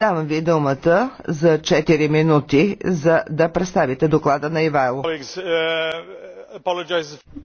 Давам ви думата за 4 минути, за да представите доклада на Ивайло.